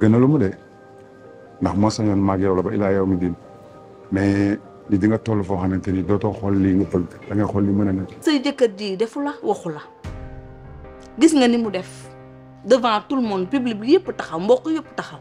gënalu mu de ndax moo sañoon maag yow la ba ilaa yow mi din mais li di nga toll foo xamante ni dootoo xool lii nga bëgg da nga xool li mën a nekk. say jëkkër jii defu la waxu la gis nga ni mu def devant tout le monde public bi yëpp taxaw mbokk yëpp taxaw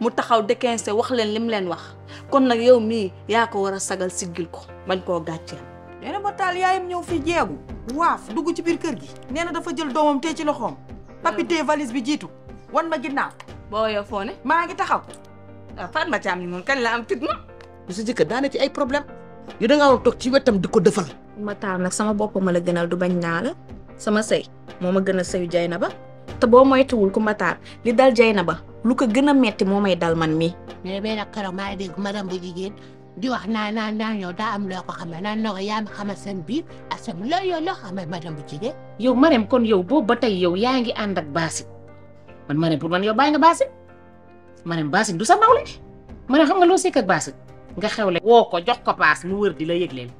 mu taxaw déquince wax leen li mu leen wax kon nag yow mii yaa ko war a sagal siggil ko bañ koo gàcceel. nee na ma taal yaayam ñëw fi jeegu waaf dugg ci biir kër gi nee dafa jël doomam tee ci loxoom ah. papi tee bi jiitu wan ma ginnaaw boo woyoo foo ne maa ngi taxaw waaw ah, Fatma Thiam yi moom kan la am fit ma. sa jëkkër daa ci ay problème yow da ngaa toog ci wetam di ko defal. ma taal nag sama bopp ma la gënal du bañ naa la sama sey moo ma gën a sëyu jay na ba te boo moytuwul ku ma taal li dal jay na ba lu ko gën a metti moom may dal man mii. mais benn keroog maa ngi dégg madame bu jigéen di wax naan naan naan yow daa am loo ko xamee naan noo ko yaa ma xamal seen biir asam loo yow loo xamee madame bu yow Marème kon yow boobu ba tey yow yaa ngi ànd ak baasi man Marème pour man yo bàyyi nga Basile Marème Basile du sa nawle Marème xam nga loo sekk ak Basile nga xewle woo ko jox ko paas mu wër di la yëgleel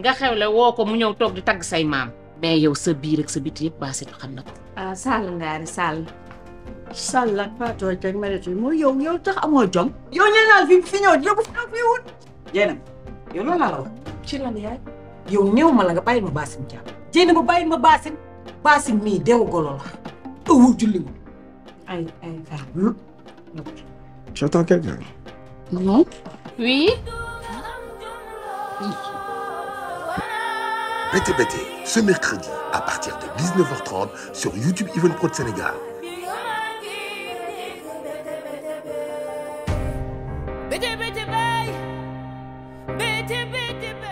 nga xewle woo ko mu ñëw toog di tagg say maam mais yow sa biir ak sa biti yëpp Basile xam na ko ah Sall ngaari Sall Sall ak mooy yow yow tax amoo jom yow nee naa fi fi ñëw yow fi fi wut jéenam yow loolu laa ma la nga bàyyi ma Basile Diagne jéenam ba bàyyi ma Basile Basile mii deewu golo la J'entends quelqu'un. Non. Oui. Bété Bété, ce mercredi, à partir de 19h30, sur YouTube Even Pro de Sénégal. Bété Bété